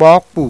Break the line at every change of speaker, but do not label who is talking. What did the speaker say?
Pokpu